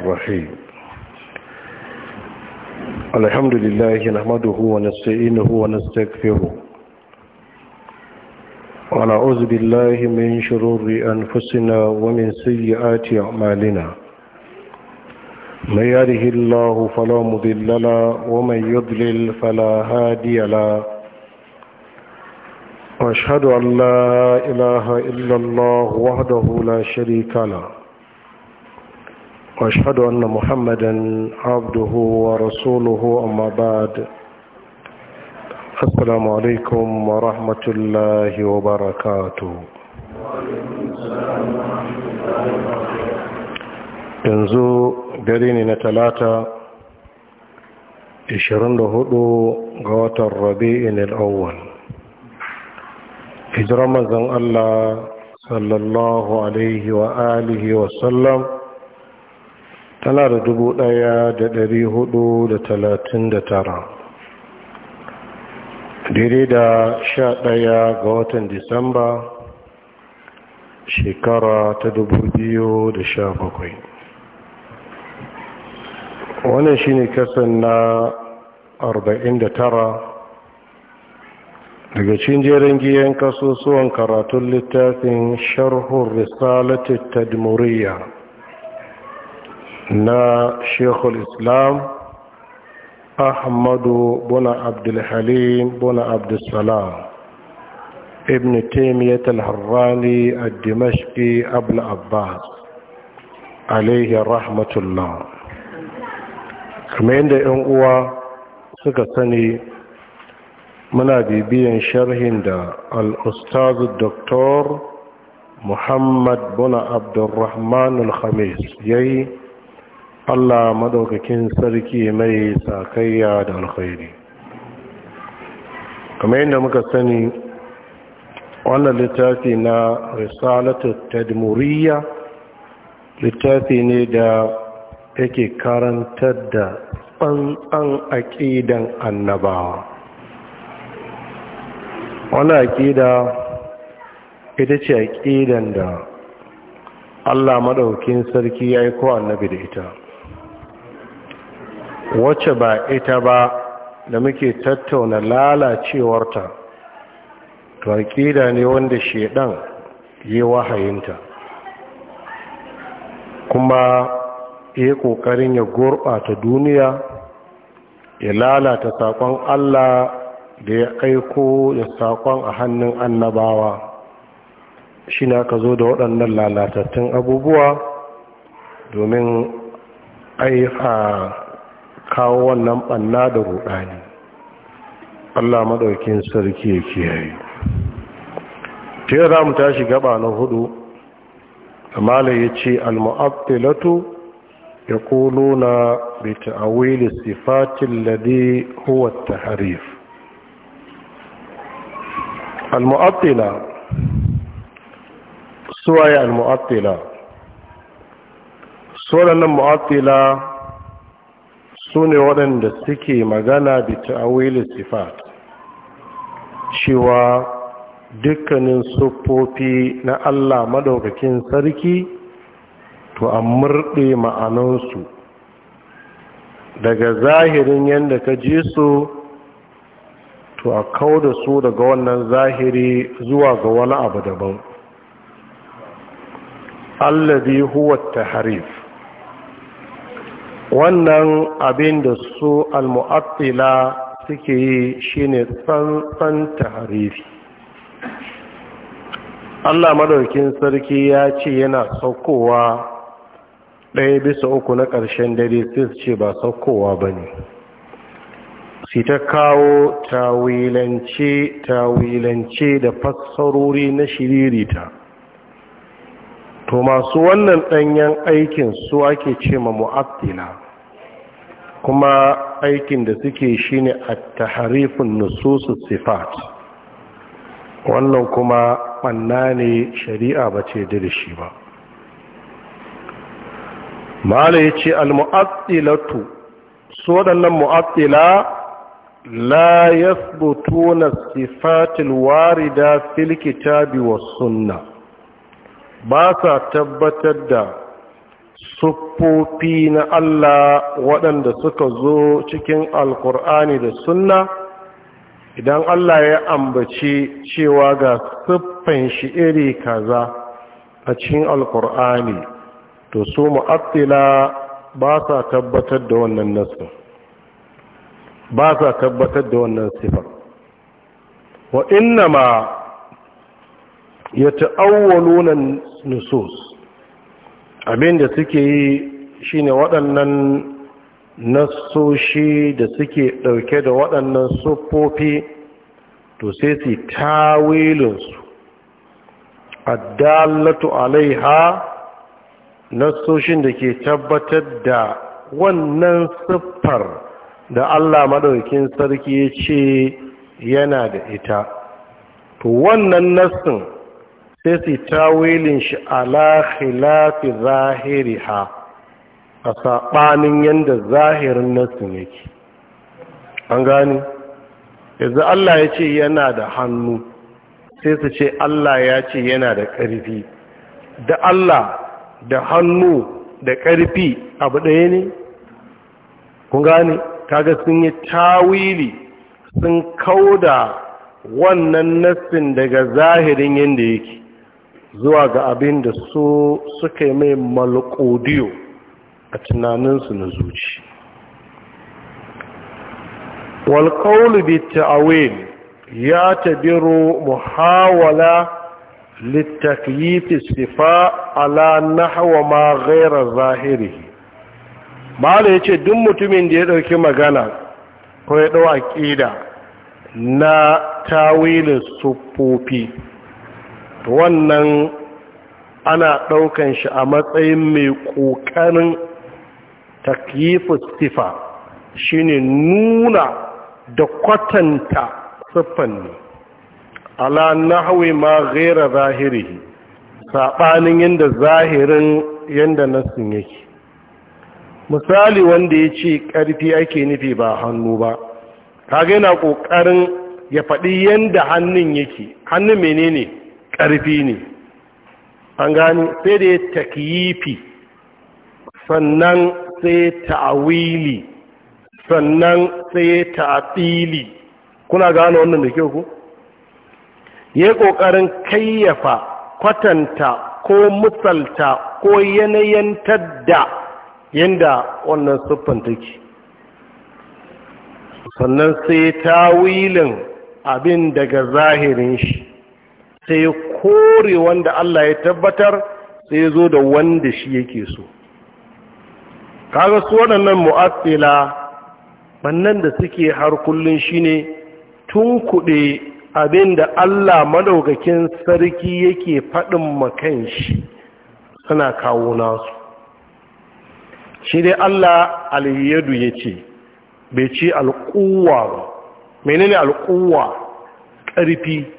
الرحيم الحمد لله نحمده ونستعينه ونستغفره ونعوذ بالله من شرور أنفسنا ومن سيئات أعمالنا من يهده الله فلا مضل له ومن يضلل فلا هادي له واشهد ان لا اله الا الله وحده لا شريك له واشهد ان محمدا عبده ورسوله اما بعد السلام عليكم ورحمه الله وبركاته yanzu dare ne na talata 24 ga watan rabi'in al'awwal hijirar manzon Allah sallallahu alaihi wa alihi wa sallam tana da dubu ɗaya da ɗari hudu da talatin da tara daidai da sha ɗaya ga watan disamba shekara ta dubu biyu da sha bakwai wannan shine kasan na arba'in da tara daga cikin jerin giyan kasusuwan karatun littafin sharhun risalatit tadmuriyya na shekul islam ahmadu buna abdulhalim buna abdulsalam ibn taimiyyat al-harrani a dimashki abul abbas alaihi rahmatullah kamar yadda 'yan uwa suka sani muna bibiyan sharhin da al'ustazu Dr. muhammad buna abdulrahman al-khamis ya yi Allah madaukakin sarki mai sakayya da alkhairi kamar yadda muka sani wannan littafi na risalatu tadmuriya littafi ne da yake karantar da tsantsan aƙidan annabawa wannan aƙida ita ce aƙidan da Allah madaukakin sarki ya yi ko annabi da ita wacce ba ita ba da muke tattauna lalacewarta to aƙida ne wanda shedan yi wahayinta kuma ya ƙoƙarin ya gurɓata duniya ya lalata saƙon Allah da ya aiko da saƙon a hannun annabawa shi na ka zo da waɗannan lalatattun abubuwa domin aiha kawo wannan ɓanna da ruɗani Allah maɗaukin sarki ya kiyaye ta za mu tashi gaba na hudu kamala ya ce al mu'abdilatu ya kulu na bita wili sifatin lade huwa harif al muabdila suwaye al-mu'abtila suwaɗannan mu'abdila. su ne waɗanda suke magana bi ta'awili sifat cewa dukkanin siffofi na Allah madaukakin sarki to a murɗe ma'anansu daga zahirin yadda ka ji su to a kau da su daga wannan zahiri zuwa ga wani abu daban allazi huwa taharif wannan abin da su al-mu'attila suke yi shine tsantsan tarihi Allah madaukin sarki ya ce yana saukowa ɗaya bisa uku na ƙarshen dare sai su ce ba saukowa ba ne su ta kawo tawilance tawilance da fassarori na shiririta to masu wannan ɗanyen aikin su ake ce ma mu'abdila kuma aikin da suke shi ne a taharifin nususu sifat wannan kuma ɓanna ne shari'a ba ce dirishi ba. ba ya ce al-mu'attilatu su waɗannan mu'attila la yathbutuna sifatil warida fil kitabi was sunnah ba sa tabbatar da siffofi na Allah waɗanda suka zo cikin alkur'ani da sunna idan Allah ya ambaci cewa ga siffan shi iri kaza a cikin alkur'ani to su mu'attila ba sa tabbatar da wannan nasu ba sa tabbatar da wannan siffar wa inna ma ya ta'awwalunan nusus da suke yi shine waɗannan nasoshi da suke ɗauke da waɗannan siffofi to sai su tawilinsu addallatu alaiha nasoshin da ke tabbatar da wannan siffar da Allah maɗaukin sarki ya ce yana da ita to wannan nasin. sai su tawilin shi ala khilafi ha, a saɓanin yadda zahirin yake an gani yanzu Allah ya ce yana da hannu sai su ce Allah ya ce yana da ƙarfi da Allah da hannu da ƙarfi abu ɗaya ne kun gani kaga sun yi tawili sun kauda wannan nassin daga zahirin yadda yake zuwa ga abin da su suka yi mai malakodiyo a tunaninsu na zuci walƙaunu bi ya tabiru muhawala littakyifi sifa ala hawa ma gaira zahiri Malam ya ce duk mutumin da ya ɗauki magana ko ya ɗau aƙida na tawilin sufofi wannan ana ɗaukan shi a matsayin mai ƙoƙarin takyifus sifa shine nuna da kwatanta siffan ne ala nahwi ma ghaira zahiri saɓanin yadda zahirin yadda nassin yake misali wanda ya ce ƙarfi ake nufi ba hannu ba kaga yana ƙoƙarin ya faɗi yadda hannun yake hannun menene ƙarfi ne an gani sai da ya takyifi sannan sai ta'awili sannan sai ta'atili kuna gane wannan da kyau ku ya ƙoƙarin kayyafa kwatanta ko misalta ko yanayin tadda yadda wannan siffan take sannan sai tawilin abin daga zahirin shi sai kore wanda Allah ya tabbatar sai ya zo da wanda shi yake so kaga su waɗannan mu'assila bannan da suke har kullun shine tun kuɗe abinda Allah madaukakin sarki yake faɗin makan shi suna kawo nasu shi dai Allah alhiyadu ya ce bai ce alƙuwa ba menene alƙuwa ƙarfi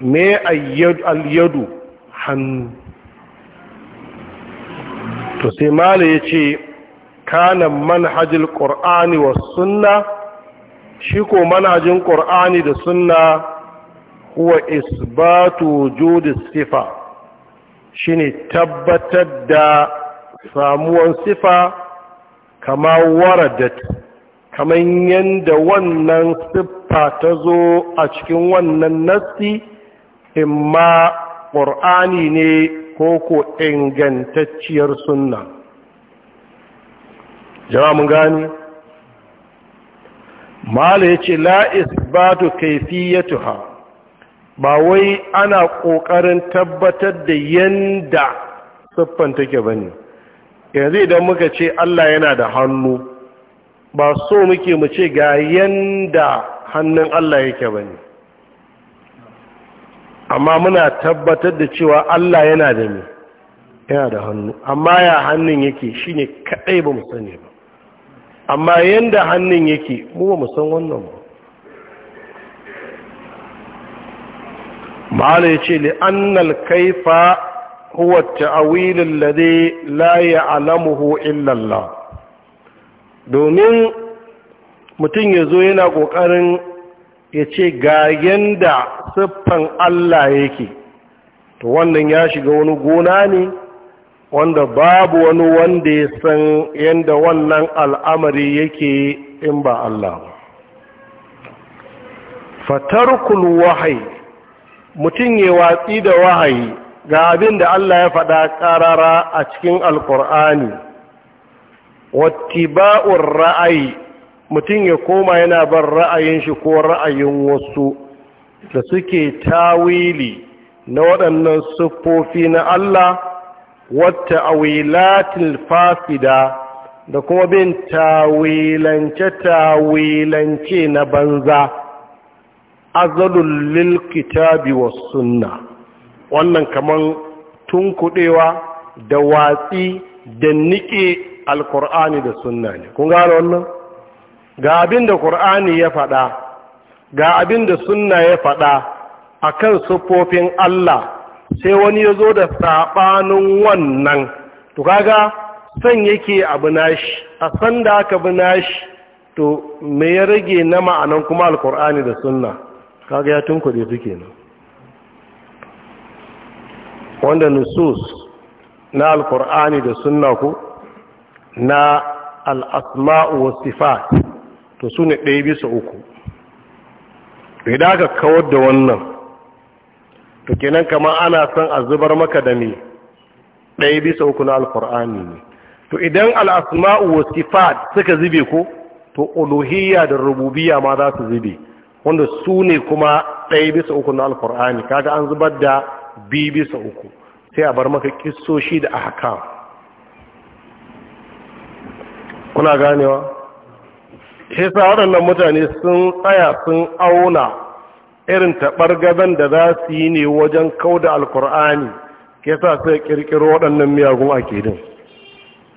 me ayyadu yadu hannu to sai mala ya ce kanan manhajin ƙor'ani wa sunna shi ko manhajin ƙor'ani da sunna huwa isbatu judi sifa shi ne tabbatar da samuwan sifa kama waradat kamar yadda wannan siffa ta zo a cikin wannan nassi imma ƙur'ani ne ko ko ingantacciyar sunna jama mun gani mala ya ce la'is ba tu ba wai ana ƙoƙarin tabbatar da yanda siffan take ba ne yanzu idan muka ce Allah yana da hannu ba so muke mu ce ga yanda hannun Allah yake ba ne amma muna tabbatar da cewa Allah yana da ni, yana da hannu amma ya hannun yake shine kaɗai ba mu sani ba amma yadda hannun yake mu ba mu san wannan ba ma'ala ce li annal kaifa huwa a wilin la alamu ho, illallah," domin mutum ya zo yana ƙoƙarin. ya ce ga yanda siffan Allah yake to wannan ya shiga wani gona ne wanda babu wani wanda ya san yanda wannan al'amari yake in ba Allah ba fatarkul wahayi mutum ya watsi da wahayi ga abin da Allah ya faɗa ƙarara a cikin alƙur'ani wattiba'ur ra'ayi mutum ya koma yana bar ra'ayin shi ko ra'ayin wasu da suke tawili na waɗannan siffofi na Allah wata awilatil fasida da kuma bin tawilance-tawilance na banza azalul lil kitabi was sunna wannan kaman tunkudewa da watsi da nike alkur'ani da sunna ne kun gane wannan ga abin da ƙur'ani ya faɗa ga abin da sunna ya faɗa a kan siffofin Allah sai wani ya zo da saɓanin wannan to kaga son yake abu nashi a san da aka bi nashi to me ya rage na ma'anan kuma alkur'ani da suna? kaga ya tunkuɗe suke nan wanda nusus na alkur'ani da suna ku na al'asma'u wasu sifat to su ne ɗaya bisa uku idan aka kawar da wannan to kenan kama ana son a zubar maka da mai ɗaya bisa uku na alkur'ani ne to idan al'asma'u wa sifat suka zube ko to uluhiyya da rububiya ma za su zube wanda su ne kuma ɗaya bisa uku na alkur'ani kaga an zubar da bi bisa uku sai a bar maka kisoshi da ahkam kuna ganewa shi sa waɗannan mutane sun tsaya sun auna irin taɓar gaban da za su yi ne wajen kau da alkur'ani ke sa sai ƙirƙiro waɗannan miyagun akidin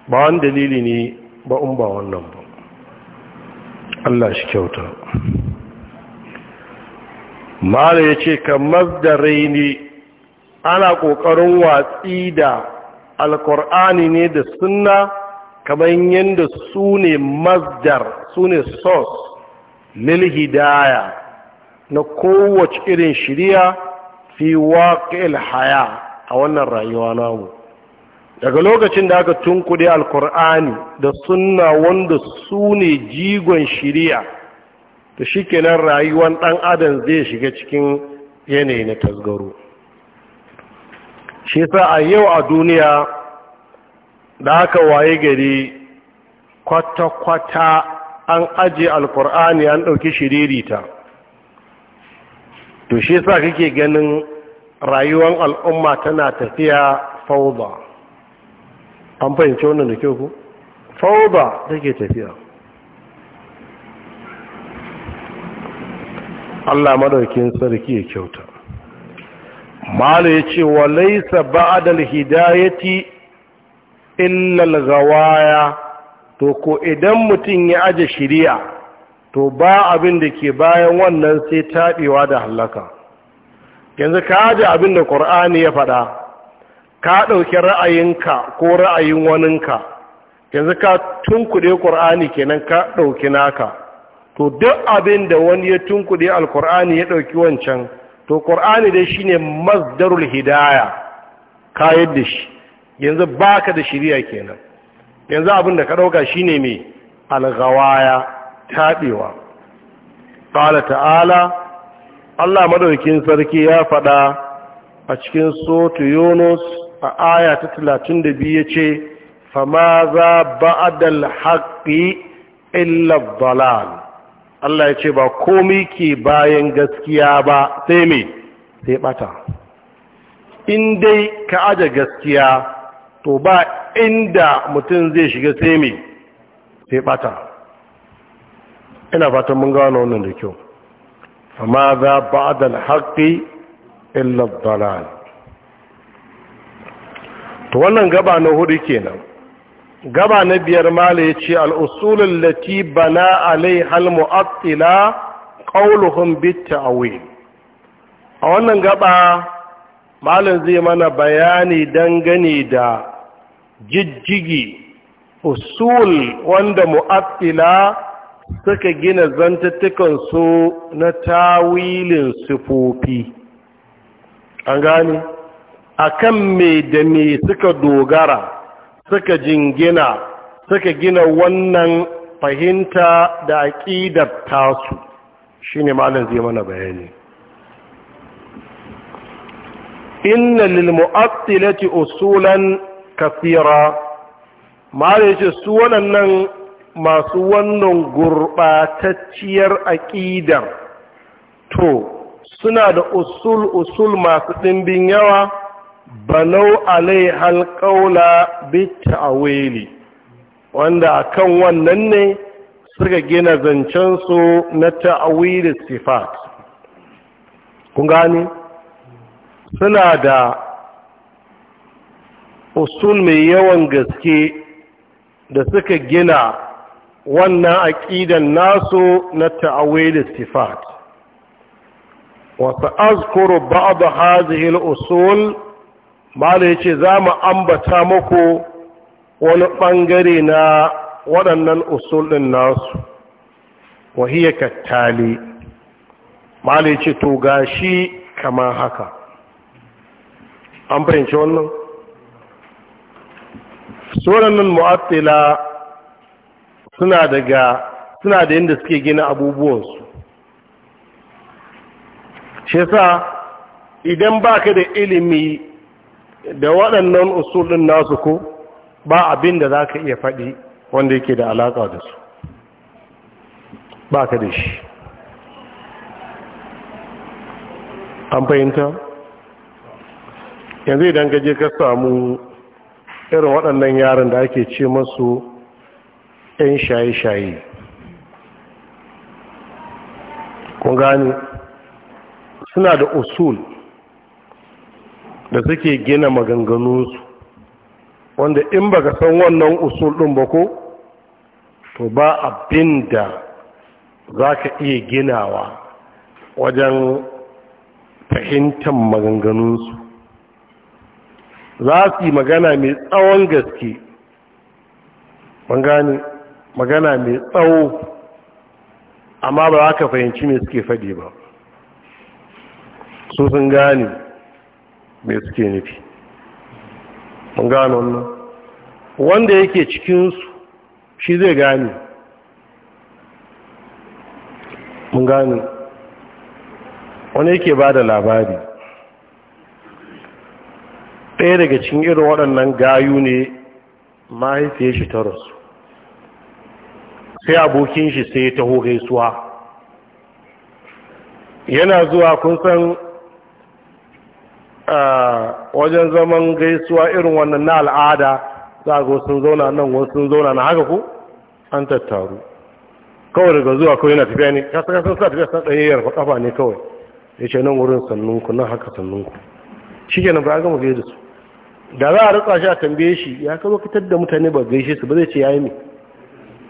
ba wani dalili ne ba un ba wannan ba Allah shi kyauta mala ya ce kamar da raini ana ƙoƙarin watsi da alkur'ani ne da sunna kamar yadda su ne masdar su ne sos lil hidaya na kowace irin shirya fi waƙil haya a wannan rayuwa namu daga lokacin da aka tunkuɗe alkur'ani da sunna wanda su ne jigon shirya da shi nan rayuwan ɗan adam zai shiga cikin yanayi na tasgaro shi sa a yau a duniya da aka waye gari kwata-kwata an aje alkur'ani an ɗauki shiririta to shi sa kake ganin rayuwar al'umma tana tafiya fauda an fahimci wannan da kyau ku fauda take tafiya Allah madaukin sarki ya kyauta malu ya ce wa laisa ba'adal hidayati illal gawaya to ko idan mutum ya aje shiriya to ba abin da ke bayan wannan sai taɓewa da hallaka yanzu ka aje abin da ƙur'ani ya faɗa ka ɗauki ra'ayinka ko ra'ayin waninka yanzu ka tunkuɗe ƙur'ani kenan ka ɗauki naka to duk abin da wani ya tunkuɗe alƙur'ani ya ɗauki wancan to ƙur'ani dai shine masdarul hidaya ka da shi yanzu baka da shiriya kenan yanzu abin da ka dauka shine mai alghawaya tabewa ƙala ta'ala Allah maɗaukin sarki ya faɗa a cikin sotu Yunus a aya ta ya ce, fama za adal haƙi illa dhalal Allah ya ce ba komi ke bayan gaskiya ba sai me sai bata in dai ka aje gaskiya to ba inda mutum zai shiga sai mai sai bata ina fatan mun gano wannan da kyau amma za ba da haƙi illa dalal to wannan gaba na hudu kenan gaba na biyar mala ya ce al'usulun lati bana alai halmu'attila ƙauluhun bitta a a wannan gaba malin zai mana bayani dangane da jijjigi usul wanda mu'attila suka gina su na tawilin sufofi an A kan me da me suka dogara suka jingina suka gina wannan fahimta da aƙidar tasu shine malin zai mana bayani inna lil mu'attilati usulan kathira mare ce su waɗannan masu wannan gurbatacciyar aƙidar to suna da usul usul masu ɗimbin yawa banau alai halƙaula bitta a wanda akan wannan ne suka gina zancen su na ta'awili sifat kun gani suna da usul mai yawan gaske da suka gina wannan aƙidan nasu na da sifat wasu azkuru ba'ad hazihil usul mala ce za mu ambata muku wani ɓangare na waɗannan usul ɗin nasu wahiyar kattali mala ce to gashi kamar haka an fahimci wannan nan mu'attila suna daga suna da yadda suke gina abubuwansu shi sa idan baka da ilimi da waɗannan usulin nasu ko ba abin da za ka iya faɗi wanda yake da alaƙa da su ba ka da shi an fahimta? yanzu idan gaje ka samu irin waɗannan yaran da ake ce masu 'yan shaye-shaye kun gani suna da usul da suke gina maganganunsu wanda in baka san wannan usul ɗin ba ko to ba abin da za ka iya ginawa wajen fahimtar maganganunsu za su yi magana mai tsawon gaske ban gane magana mai tsawo amma ba za ka fahimci mai suke faɗi ba su sun gane mai suke nufi ban gane wannan wanda yake cikinsu shi zai gane mun gane wani yake ba da labari ɗaya daga cikin irin waɗannan gayu ne mahaifiyar shi ta rasu sai abokin shi sai ya taho gaisuwa yana zuwa kun san wajen zaman gaisuwa irin wannan na al'ada za ga sun zauna nan wasu sun zauna na haka ku an tattaru kawai daga zuwa kawai yana tafiya ne kasa kasan sa tafiya san ɗaya yarfa kafa ne kawai ya ce nan wurin sannunku nan haka sannunku shi ke nan ba a gama gaisu su da za a rutsa shi a tambaye shi ya kama fitar da mutane ba gaishe su ba zai ce ya yi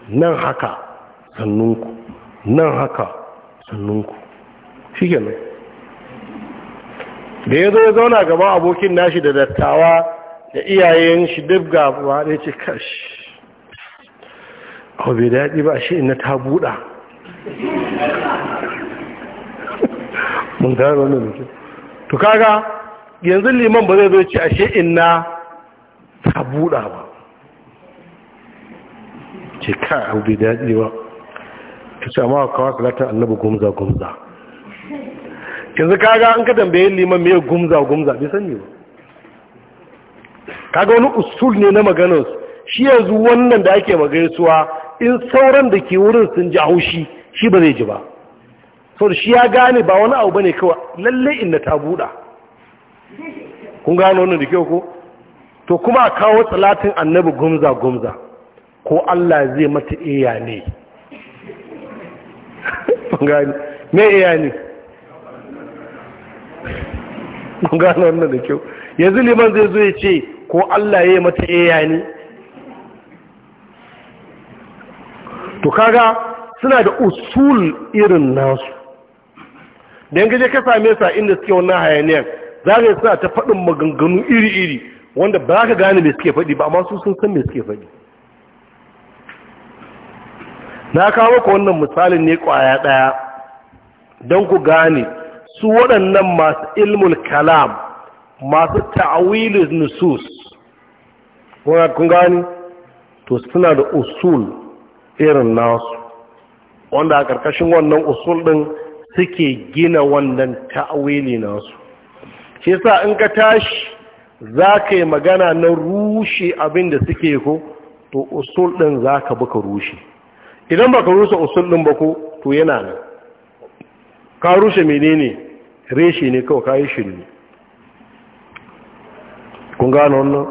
nan haka sannunku nan haka sannunku shi kenan da ya zo ya zauna gaba abokin nashi da dattawa da iyayen shi duk ba da ce kashi abu bai daɗi ba shi ina ta buɗa mun gano wannan mutum to kaga yanzu liman ba zai zo ce ashe inna ta buɗa ba ce ka abu bai daɗi ba ta ce amma kawo salatar annabi gumza gumza yanzu kaga an ka tambaye liman mai gumza gumza bai sani ba kaga wani usul ne na maganar shi yanzu wannan da ake magaisuwa in sauran da ke wurin sun ji haushi shi ba zai ji ba sau da shi ya gane ba wani abu ba ne kawai lalle na ta buɗa kun gano wannan da kyau ko to kuma a kawo salatin annabi gumza gumza ko Allah zai mata iya ne kun gano me iya ne kun gano wannan da kyau yanzu liman zai zo ya ce ko Allah ya yi mata iya ne to kaga suna da usul irin nasu da yanzu ka same sa inda suke wannan hayaniyar za ka yi suna ta faɗin maganganu iri-iri wanda ba ka gane mai suke faɗi ba amma su sun san mai suke faɗi na kawo ka wannan misalin ne ƙwaya ɗaya don ku gane su waɗannan masu ilmul kalam masu ta'awilin nusus kun gani to suna da usul irin nasu wanda a ƙarƙashin wannan usul ɗin suke gina wannan ta'awili nasu shi sa in ka tashi za ka yi magana na rushe abin da suke ko to usul ɗin za ka buka rushe idan ba ka rushe usul ɗin ba ko to yana nan ka rushe menene reshe ne kawai ka yi shirme kun gano wannan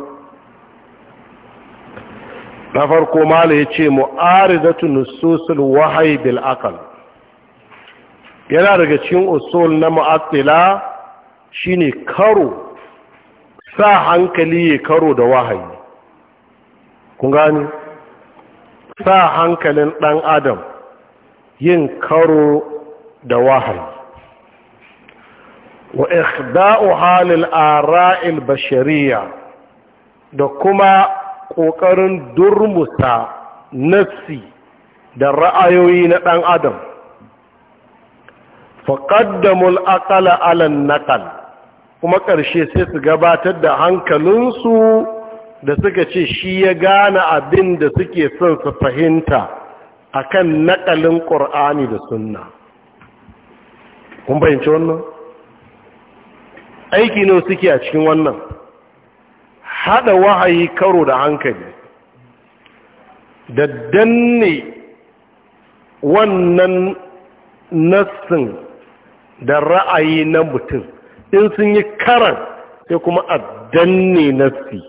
na farko mala ya ce mu'aridatu nususul wahayi bil akal yana daga cikin usul na mu'attila shine karo sa hankali ya karo da wahayi kun gani sa hankalin dan adam yin karo da wahayi wa ikhda'u halil ara'il bashariya da kuma ƙoƙarin durmusa nafsi da ra'ayoyi na dan adam faƙaddamul aƙala alan naƙal kuma ƙarshe sai su gabatar da hankalinsu da suka ce shi ya gane abin da suke son su fahimta akan naƙalin ƙur'ani da sunna kun bayanci wannan aiki ne suke a cikin wannan haɗa wahayi karo da hankali da danne wannan nassin da ra'ayi na mutum in sun yi karan sai kuma a danne nassi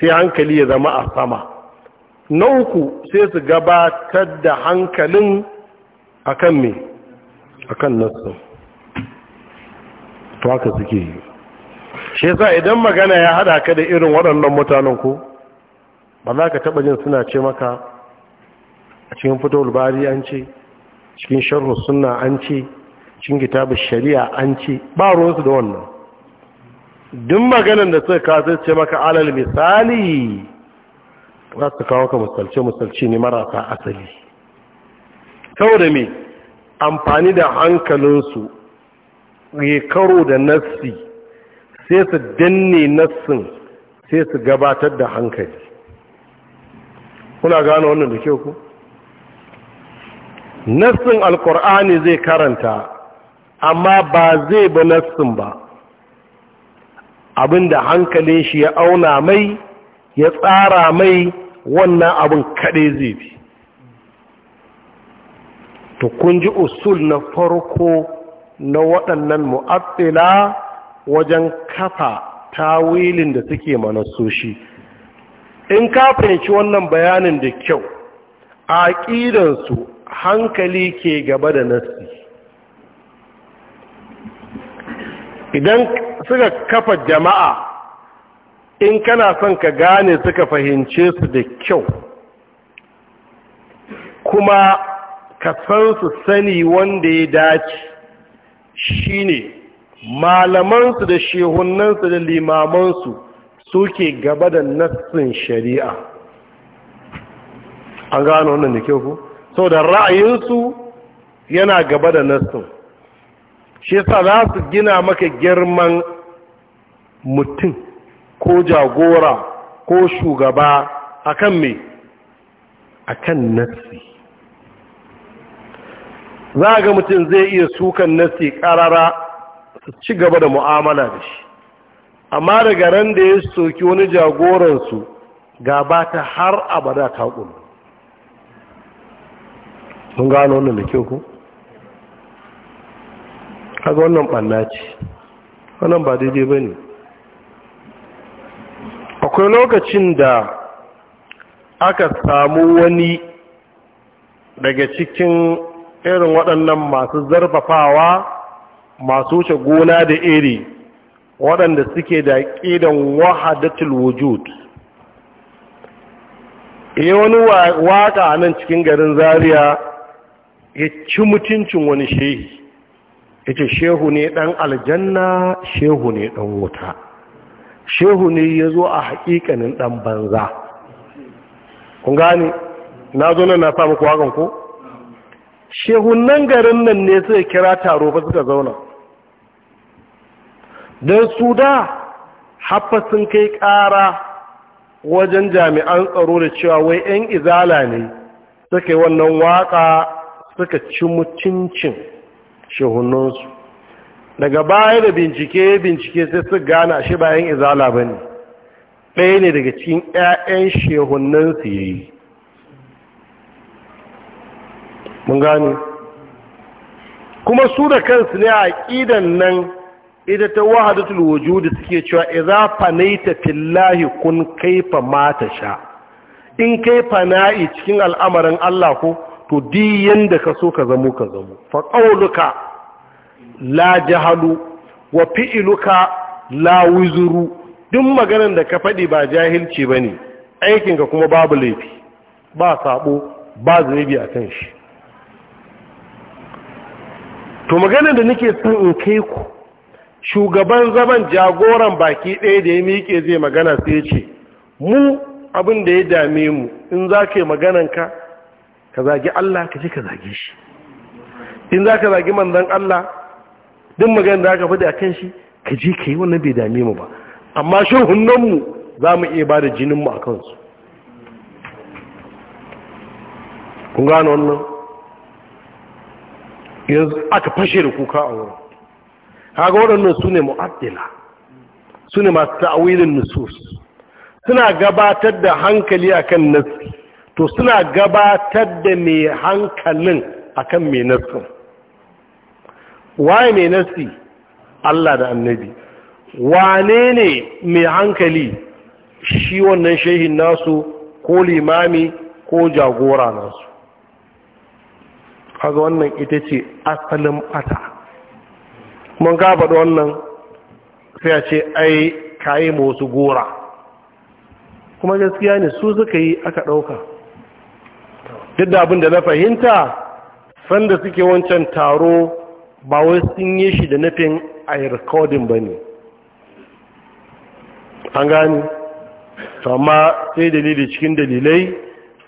sai hankali ya zama a sama na uku sai su gabatar da hankalin akan me akan nassin to haka suke yi shi yasa idan magana ya hada ka da irin waɗannan mutanen ku, ba za ka taɓa jin suna ce maka a cikin fitowar bari an ce cikin sharhu suna an ce cin kitabun shari'a an ce ba ruwansu da wannan duk maganin da suka kawo ce maka alal misali za su kawo ka musalce misalce ne marasa asali saboda me amfani da hankalinsu ya karo da nassi sai su danne nassin sai su gabatar da hankali kuna gano wannan da kyau ku nassin alkur'ani zai karanta amma ba zai ba nassin ba abin da hankalin shi ya auna mai ya tsara mai wannan abin kaɗai zai bi to kun ji usul na farko na waɗannan mu'attila wajen kafa tawilin da suke manassoshi in ka fahimci wannan bayanin da kyau a ƙidansu hankali ke gaba da nassi idan suka kafa jama'a in kana son ka gane suka fahimce su da kyau kuma ka san su sani wanda ya dace shine malamansu da shehunansu da limamansu suke gaba da nassin shari'a an gano wannan da kyau ku sau da ra'ayinsu yana gaba da nassin shi yasa za su gina maka girman mutum ko jagora ko shugaba akan me akan nasi za ga mutum zai iya sukan nasi karara su ci gaba da mu'amala da shi amma daga ran da ya soki wani jagoransu gaba ta har abada ta ƙulu sun gano wannan da kyau ku? kaga wannan ɓanna ce wannan ba daidai ba ne akwai lokacin da aka samu wani daga cikin irin waɗannan masu zarfafawa masu wuce gona da iri waɗanda suke da ƙidan wahadatul wujud E, wani waƙa nan cikin garin zaria ya ci mutuncin wani shehi yace shehu ne dan aljanna shehu ne dan wuta shehu ne yazo a hakikanin dan banza kun gane na zo nan na sa muku hakan ko nan garin nan ne suka kira taro ba suka zauna don su da haffa sun kai ƙara wajen jami'an tsaro da cewa wai 'yan izala ne suka yi wannan waƙa suka ci mutuncin shehunansu daga baya da bincike bincike sai su gana shi bayan izala ba ne ɗaya ne daga cikin 'ya'yan shehunansu ya yi mun gani kuma su da kansu ne a ƙidan nan ita ta wahadatul wujudi suke cewa idza fanaita fillahi kun kaifa mata sha in kai fana'i cikin al'amarin Allah ko to di yanda ka so ka zamo ka zamo fa qauluka la jahalu wa fi'luka la wuzuru duk maganar da ka faɗi ba jahilci bane aikin ka kuma babu laifi ba sabo ba zunubi a kan shi to maganar da nake son in kai ku shugaban zaman jagoran baki ɗaya da ya miƙe zai magana sai ce mu abin da ya dame mu in za ka yi magananka ka zagi Allah ka ce ka zage shi in za ka zagi manzan Allah duk magana da aka faɗi a kan shi ka je ka yi wannan bai dame mu ba amma shi hunnanmu za mu iya ba da jininmu a kansu kun gano wannan yanzu aka fashe da kuka a wurin haka waɗannan su ne mu'addila su ne masu ta'awilin nusus suna gabatar da hankali akan nasi. to suna gabatar da mai hankalin akan mai nasu waye mai nassi Allah da annabi wane ne mai hankali shi wannan shehin nasu ko limami ko jagora nasu haka wannan ita ce asalin bata mun gaba da wannan sai a ce ai kayi wasu gora kuma gaskiya ne su suka yi aka ɗauka duk da abin da na fahimta sanda suke wancan taro ba wai sun yi shi da nufin a yi rikodin ba ne an gani amma sai dalilin cikin dalilai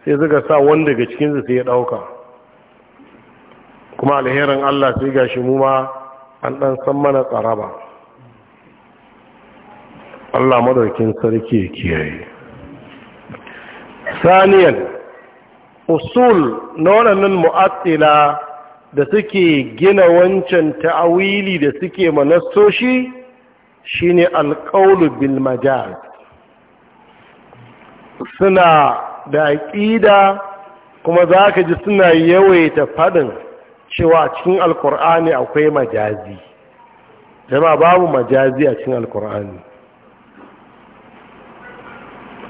sai suka sa wanda daga cikinsu sai ya ɗauka kuma alherin allah sai ga shi muma an ɗan san mana tsaraba allah madaukin sarki ya kiyaye saniyan usul na waɗannan mu'attila da suke gina wancan ta'awili da suke manassoshi shine alƙaulu bil majaz suna da aƙida kuma zaka ji suna yawaita faɗin cewa cikin alƙur'ani akwai majazi jama babu majazi a cikin alƙur'ani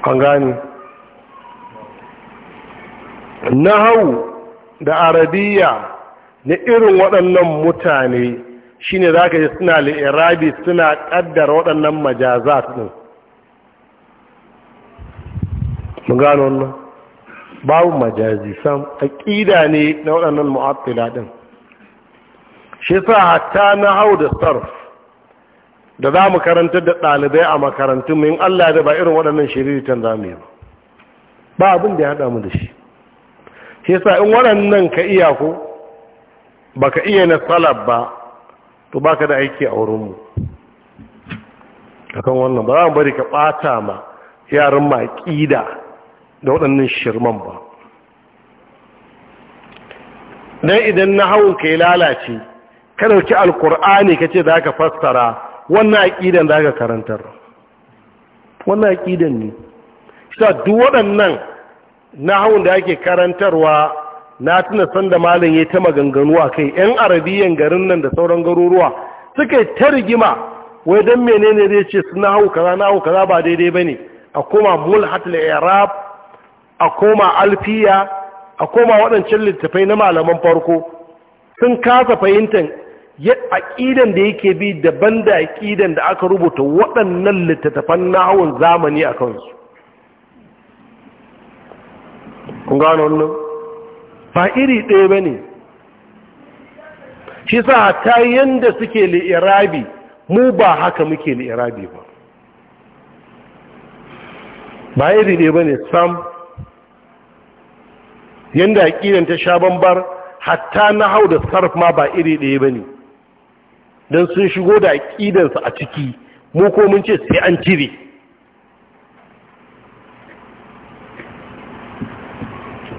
an gani nahau da arabiya na irin waɗannan mutane shine za ka ji suna li'irabi suna ƙaddara waɗannan majazat mun gano wannan babu majazi sam aƙida ne na waɗannan mu'attila ɗin shi sa hatta na hau da sarf da za mu karantar da ɗalibai a makarantu in Allah da ba irin waɗannan shiriritan za mu yi ba abin da ya haɗa mu da shi shi yasa in waɗannan ka iya ko baka iya na salab ba to baka da aiki a wurin mu akan wannan ba za mu bari ka ɓata ma yaran ma ƙida da waɗannan shirman ba dan idan na hawan ka lalace ka ɗauki alqur'ani ka ce za ka fassara wannan aqidan za ka karantar wannan aqidan ne shi duk waɗannan nahawun da ake karantarwa na tuna sanda malam ya ta maganganu a kai yan arabiyan garin nan da sauran garuruwa suka ta rigima wai dan menene zai ce suna hau kaza hau kaza ba daidai ba ne. a koma mulhatul i'rab a koma alfiya a koma waɗancan littafai na malaman farko sun kasa fahimtar aƙidan da yake bi daban da aƙidan da aka rubuta waɗannan littattafan nahawun zamani a kansu Kunga gano wannan ba iri ɗaya ba ne shi sa ta yadda suke li'irabi mu ba haka muke li'irabi ba ba iri ɗaya ba ne sam a aƙidan ta sha bambar hatta na hau da sarf ma ba iri ɗaya ba ne don sun shigo da aƙidansa a ciki mu ko mun ce sai an cire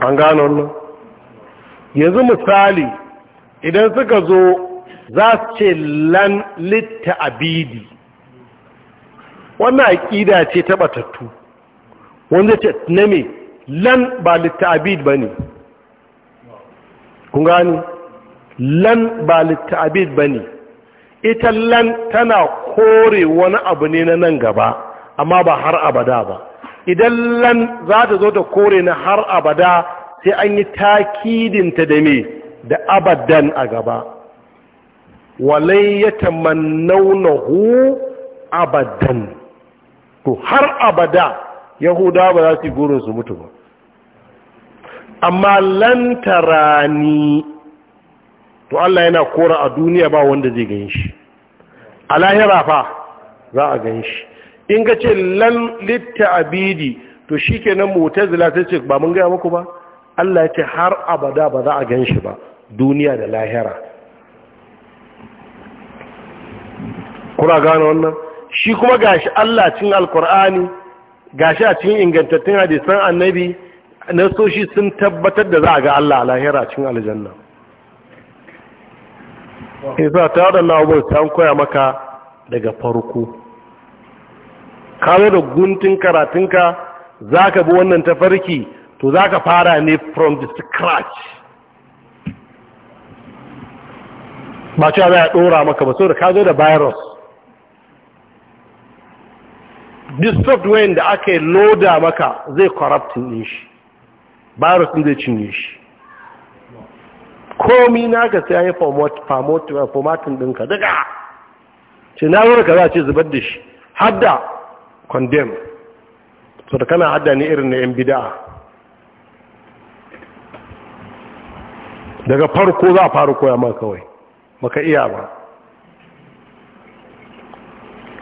an gano wannan yanzu misali idan suka zo za su ce lan litta abidi wannan aƙida ce ta batattu wanda ce na me lan ba litta abidi ba ne kun gani lan ba litta abidi ba ne ita lan tana kore wani abu ne na nan gaba amma ba har abada ba idan lan za ta zo ta kore na har abada sai an yi takidinta da me da abadan a gaba walai ya tamannaunahu abadan to har abada yahuda ba za su gurin su mutu ba amma lantara ni to Allah yana kora a duniya ba wanda zai gan shi a lahira fa za a gan shi in ka ce lan abidi to shi ke shikenan mu'tazila ta ce ba mun gaya muku ba Allah ya ce har abada ba za a gan shi ba duniya da lahira kuna gano wannan shi kuma gashi Allah cin alkur'ani gashi a cikin ingantattun hadisan annabi nasoshi sun tabbatar da za a ga Allah a lahira cin aljanna isa ta waɗannan abubuwa ta koya maka daga farko ka zo da guntun karatunka za ka bi wannan tafarki to za ka fara ne from the scratch ba cewa za a ɗora maka ba saboda ka zo da virus this software da aka yi loda maka zai corrupting ɗin shi virus ɗin zai cinye shi komi ka sai an yi formatin ɗinka daga ce na wurin ka za a ce zubar da shi hadda condemn so da kana hada ne irin na yan bida'a daga farko za a faru koya ma kawai maka iya ba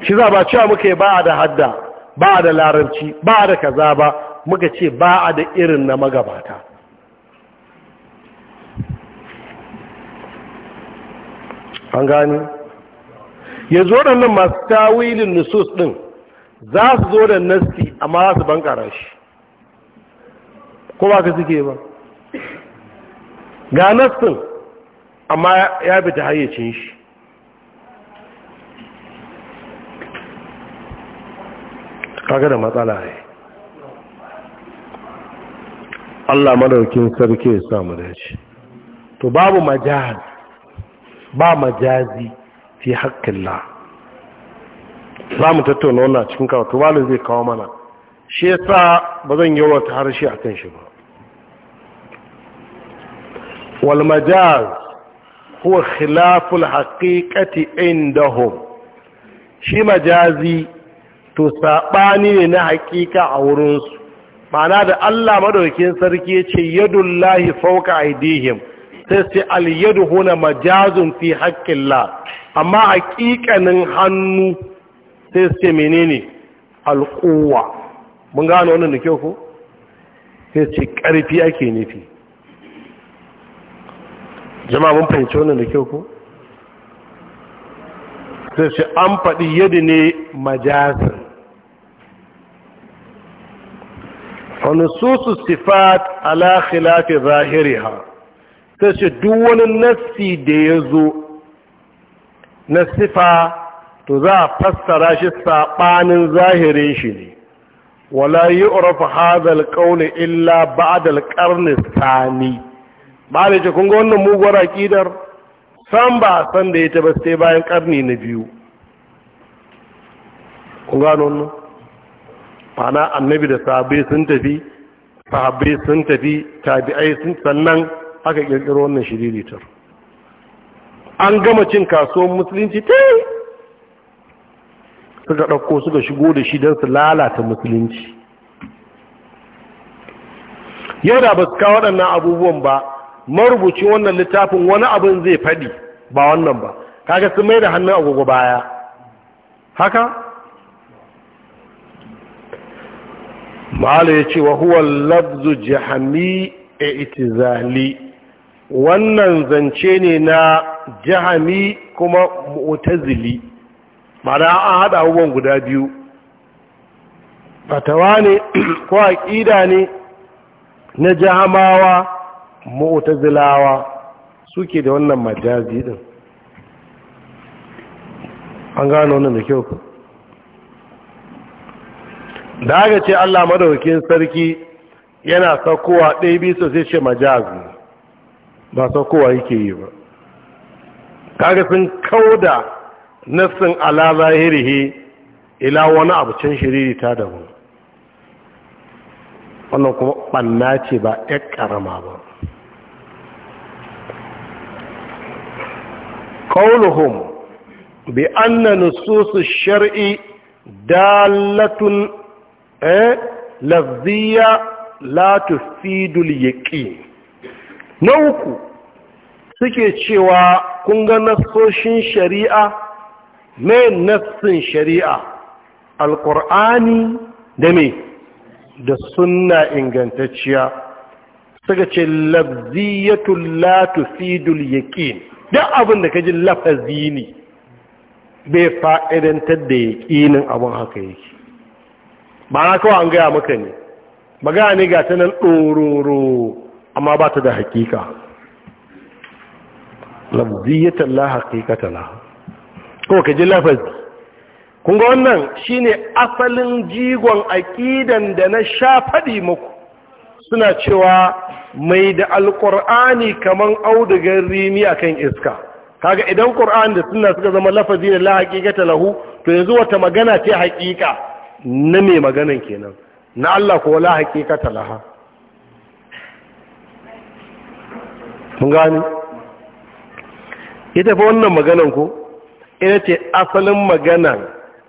shi za ba cewa muka yi ba da hadda ba da larabci ba da kaza ba muka ce ba a da irin na magabata an gani yanzu waɗannan masu tawilin nusus ɗin za su zo da nasti amma za su bankara shi ko ba ka suke ba ga nastin amma ya fita hayyacin shi kaga da matsala ne Allah madaukin sarki ya samu dace to babu majaz ba majazi fi haƙƙin Allah za mu tattauna wannan cikin karatu malin zai kawo mana shi ya sa ba zan yi wata harshe a kan shi ba والمجاز هو khilaful الحقيقة indahum shi majazi to saɓani ne na hakika a wurinsu ma'ana da Allah madaukin sarki ya ce yadullahi fauka aidihim sai sai al yadu huna majazun fi haƙƙin la amma hakikanin hannu sai su ce menene alƙuwa mun gano wannan da kyau ko sai ce ƙarfi ake nufi jama'a mun fahimci wannan da kyau ko sai ce an faɗi yadda ne majasin fanususu sifat ala khilafi ha sai ce duk wani nassi da ya zo na sifa to za a fassara shi saɓanin zahirin shi ne wala yi urafa hazal ƙauni illa ba'adal ƙarni sani ba da ce kun wannan muguwar aƙidar san ba san da ya taba sai bayan ƙarni na biyu kun gano wannan annabi da sahabbai sun tafi sahabbai sun tafi tabi'ai sun sannan aka ƙirƙiro wannan shiriritar an gama cin kasuwan musulunci ta suka ɗauko suka shigo da shi don su lalata musulunci yau da ba su kawo waɗannan abubuwan ba marubuci wannan littafin wani abin zai faɗi ba wannan ba kaga sun mai da hannun agogo baya haka ma'ala ya ce wa huwa labzu jihami a itizali wannan zance ne na jihami kuma mu'tazili ma'ana an haɗa abubuwan guda biyu fatawa ne ko aƙida ne na jahamawa mu'tazilawa suke da wannan majazi din an gano wannan da kyau ku da aka ce Allah madaukakin sarki yana saukowa ɗaya biyu sai ce majazi ba saukowa yake yi ba kaga sun kauda nassin ala zahirihi ila wani abu can shiriri ta daban wannan kuma ɓanna ce ba ɗan ƙarama ba ƙaunuhum bi anna nususu shar'i dalatun eh lafziya la fidul yaki. na uku suke cewa kun ga nasoshin shari'a mai nassin shari'a alƙur'ani da mai da sunna ingantacciya suka ce labziyatul la tufidul yaqin duk abin da kaji lafazi ne bai fa'idantar da yaqinin abin haka yake ba na kawai an gaya maka ne ba ne ga ta nan ɗororo amma ba ta da hakika labziyatul la hakikata la ko ka ji lafazi kunga wannan shine asalin jigon aƙidan da na sha faɗi muku suna cewa mai da alƙur'ani kaman audugar rimi akan iska kaga idan ƙur'ani da suna suka zama lafazi da la haƙiƙata lahu to yanzu wata magana ce haƙiƙa na mai maganan kenan na Allah ko la haƙiƙata laha Kun gani ita fa wannan maganan ko ina ce asalin maganan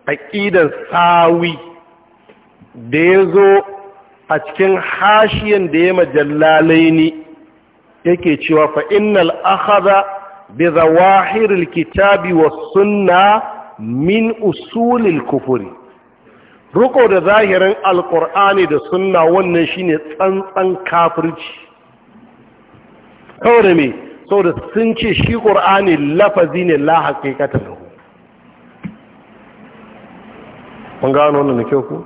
aƙidan tsawi da ya zo a cikin hashiyan da ya majallalai ne yake cewa fa innal bi zawahiril kitabi wa sunna min usulil kufuri ruko da zahirin Alƙur'ani da sunna wannan shine tsantsan kafirci saboda me sun ce shi ƙur'ani lafazi ne la haqiqatan mun gano wannan da kyau ku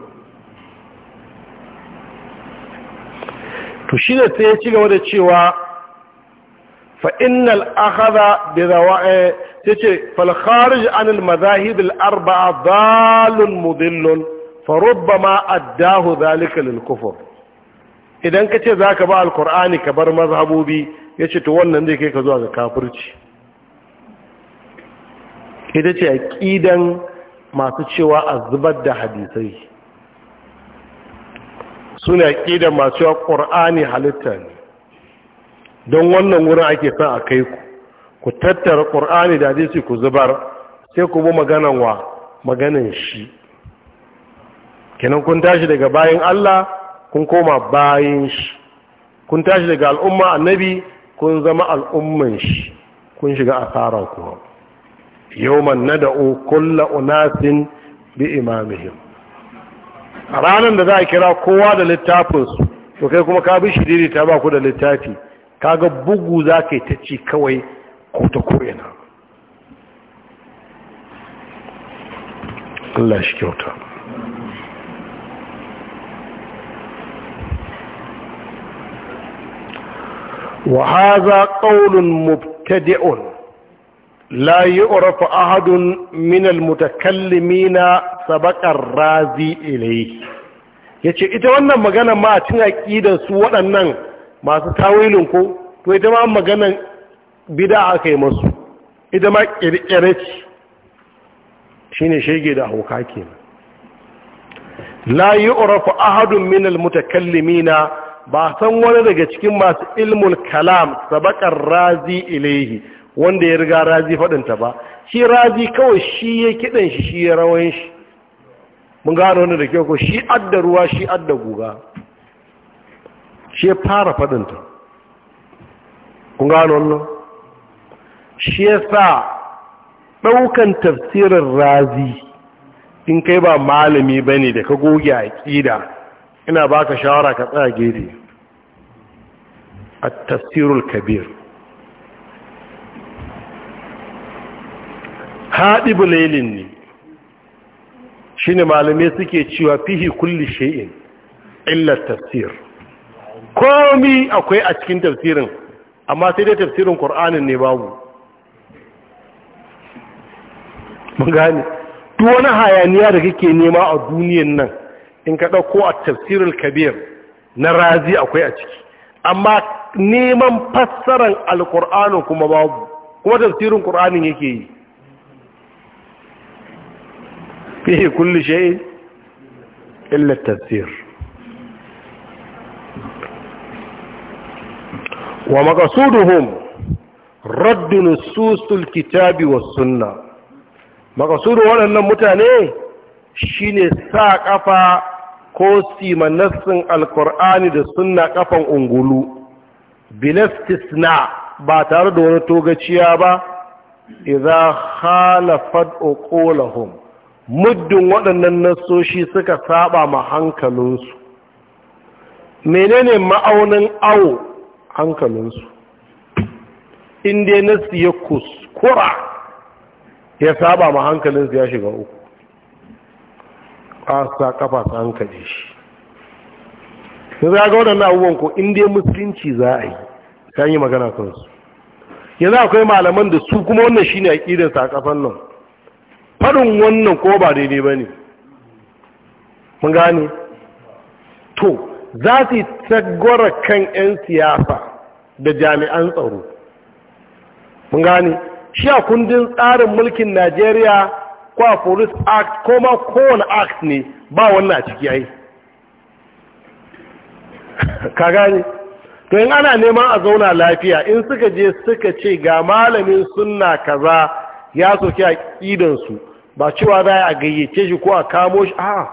to shi da sai ya ci gaba da cewa fa innal akhadha bi rawa'i eh, sai ce fal kharij an al madahib al arba'a dalun mudillun fa rubbama addahu zalika lil kufr idan ka ce zaka ba alqur'ani ka bar mazhabobi yace to wannan zai kai ka zuwa ga kafirci ita ce aqidan masu cewa a zubar da hadisai suna ƙida masu cewa ƙur'ani halitta ne don wannan wurin ake son a kai ku ku tattara ƙur'ani da hadisi ku zubar sai ku bi maganan wa maganan shi kenan kun tashi daga bayan Allah kun koma bayan shi kun tashi daga al'umma annabi kun zama al'umman shi kun shiga asara kuma yawman nada'u kulla unasin bi imamihim a ranar da za a kira kowa da littafinsu to kai kuma ka bi shiriri ta ba ku da littafi kaga bugu za ka yi ta ci kawai ko ta ko'ina Allah shi kyauta wa haza ƙaunin mubtadi'un لا يعرف ahadun من المتكلمين سبق razi إليه yace ita wannan magana ma a cikin aqidar su waɗannan masu tawilin ko to ita ma maganan bid'a kai musu ita ma kirkire ce shine shege da hauka kenan la yu'rafu ahadun min almutakallimina ba san wani daga cikin masu ilmul kalam sabaqar razi ilayhi wanda ya riga razi faɗinta ba shi razi kawai shi ya kiɗan shi shi ya rawan shi mun gano wani da kyau ko shi adda ruwa shi adda guga shi ya fara faɗinta kun gano wannan shi ya sa ɗaukan tafsirin razi in kai ba malami ba ne da ka goge a ƙida ina ba ka shawara ka tsaya ne a tafsirul kabir haɗi bulailin ne shi ne malamai suke cewa fihi kulli shay'in illar tafsir komi akwai a cikin tafsirin amma sai dai tafsirin ƙor'anin ne babu mun gane duk wani hayaniya da kake nema a duniyan nan in ka ɗauko a tafsirin kabir na razi akwai a ciki amma neman fassaran alƙur'anin kuma babu kuma tafsirin ƙur'anin yake yi fiye kulli shayi illa tafsir wa maqasuduhum radd nususul kitabi was sunna maqasudu waɗannan mutane shine sa ƙafa ko simanassin alqur'ani da sunna ƙafan ungulu na ba tare da wani togaciya ba idza khalafat uqulahum muddin waɗannan nasoshi suka saba ma hankalinsu menene ma'aunin awo hankalinsu inda nasi ya kuskura ya saba ma hankalinsu ya shiga uku ƙasa kafa ta hankali shi za a ga waɗannan abubuwan ko inda musulunci za a yi ta yi magana kansu yanzu akwai malaman da su kuma wannan shi ne a ƙidansa a ƙafan nan farin wannan ko ba daidai ba ne mun gane to za su yi kan 'yan siyasa da jami'an tsaro mun gane shi a kundin tsarin mulkin najeriya kwa police act ko ma kowane act ne ba wannan a ciki ai ka gani to yin ana neman a zauna lafiya in suka je suka ce ga malamin sunna kaza ya soke a ƙidansu ba cewa za a gayyace shi ko a kamo shi a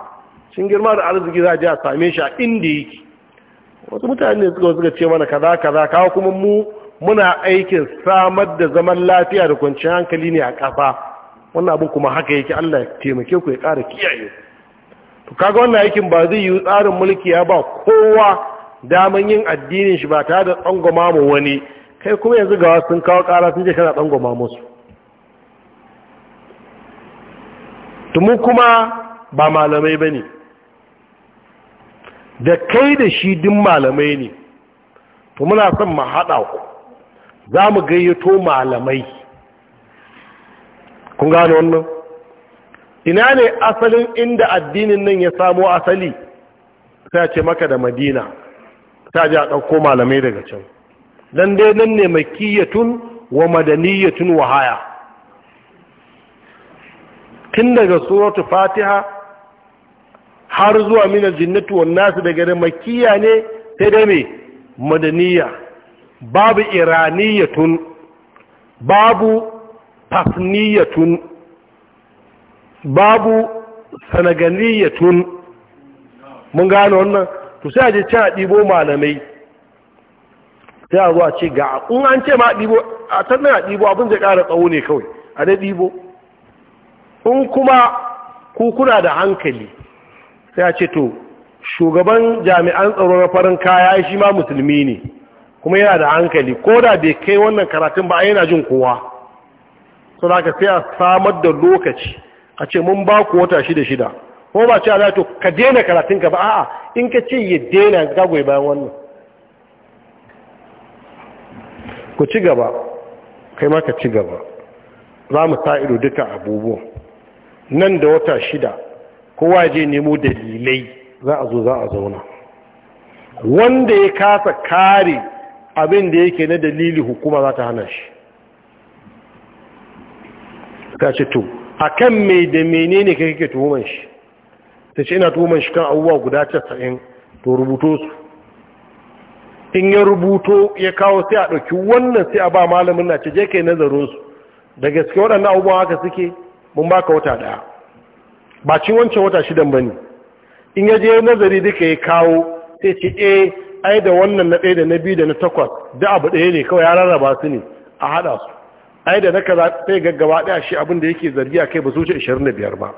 sun girma da arziki za a je a same shi a inda yake wasu mutane ne suka suka ce mana kaza kaza kawo kuma mu muna aikin samar da zaman lafiya da kwanciyar hankali ne a kafa wannan abin kuma haka yake Allah ya taimake ku ya ƙara kiyaye to kaga wannan aikin ba zai yi tsarin mulki ya ba kowa daman yin addinin shi ba tare da tsangwama mu wani kai kuma yanzu ga wasu sun kawo ƙara sun je kana tsangwama musu mu kuma ba malamai ba ne da kai da shi din malamai ne to muna son mu haɗa ku za mu gayyato malamai kun gano wannan ina ne asalin inda addinin nan ya samo asali sai ce maka da madina ta ji a ɗauko malamai daga can don dai nan ne makiyatun wa madaniyatun wahaya tun daga suratu fatiha har zuwa minal jinnatu wannasu nasu daga da makiya ne sai dame, madaniya babu iraniyatun babu fasniyatun babu sanaganiyatun mun gano wannan to sai a je can a ɗibo malamai sai a zuwa ce ga in an ce ma a ɗibo a tannan a ɗibo abin zai ƙara tsawo ne kawai a dai ɗibo in kuma ku kuna da hankali sai a ce to shugaban jami'an tsaro na farin kaya shi ma musulmi ne kuma yana da hankali ko da bai kai wannan karatun ba yana jin kowa da ka sai a samar da lokaci a ce mun ba ku wata shida shida ko ba ce zai to ka dena karatun ka ba a'a in ka ce ya dena ga goyi bayan wannan ku ci gaba kai ma ka ci gaba za mu sa ido duka abubuwan nan da wata shida kowa je nemo dalilai za a zo za a zauna wanda ya kasa kare abin da yake na dalili hukuma za ta hana shi ta ce to a kan mai da menene ne kake tuhuman shi ta ce ina tuhuman shi kan abubuwa guda casa'in to rubuto su in ya rubuto ya kawo sai a ɗauki wannan sai a ba malamin na ce je ka yi nazarinsu da gaske waɗannan abubuwa haka suke mun baka wata daya ba cin wancan wata shidan bane in ya je nazari duka ya kawo sai ce eh ai da wannan na ɗaya da na biyu da na takwas da abu ɗaya ne kawai ya rarraba su ne a haɗa su ai da na kaza sai gaggaba ɗaya shi abin da yake zargi a kai ba su da biyar ba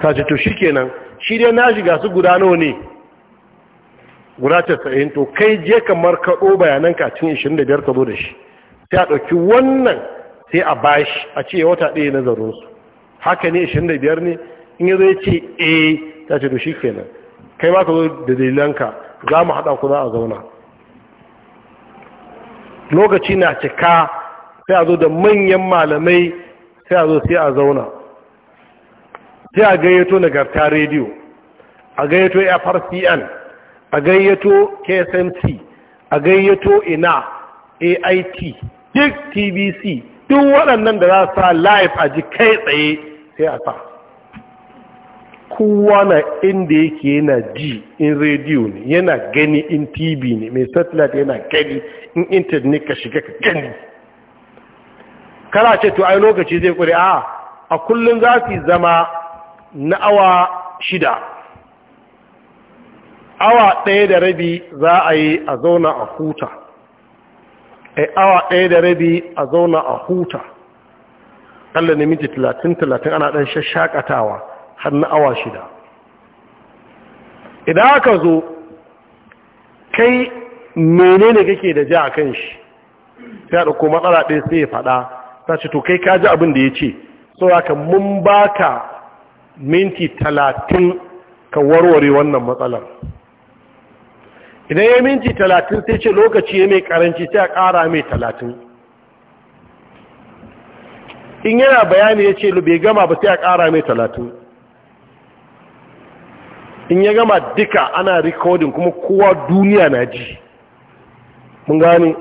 ta ce to shi kenan shi dai na shiga su guda nawa ne guda casa'in to kai je kamar kaɗo bayananka a da biyar ka zo da shi sai a ɗauki wannan sai a bashi a ce wata ɗaya na zarunsu haka ne 25 ne in yi zai ce a eh, ta ce to shi kenan kai ma ka zo da dalilanka za mu haɗa ku a zauna lokaci na cika sai a zo da manyan malamai sai a zo sai a zauna sai a gayyato nagarta rediyo a gayyato frcn a gayyato ksmc a gayyato ina ait duk tbc duk waɗannan da za sa live a ji kai tsaye sai a sa kowa na inda yake yana ji in rediyo ne yana gani in tv ne mai satellite yana gani in internet ka shiga ka gani kana ce to ai lokaci zai kuri a a kullum za su zama na awa shida awa ɗaya da rabi za a yi a zauna a huta a eh, awa ɗaya da rabi a zauna a huta ƙalla na miji talatin talatin ana ɗan shakatawa har na awa shida idan aka zo kai menene kake da ja a kan shi sai a ɗauko matsala ɗaya sai ya faɗa ta ce to kai ka ji abin da ya ce sauraka mun ba ka minti talatin ka warware wannan matsalar idan ya minti talatin sai ce lokaci ya mai karanci sai a ƙara mai talatin in yana bayani ya ce bai gama ba sai a ƙara mai talatin in ya gama duka ana rikodin kuma kowa duniya na ji mun gane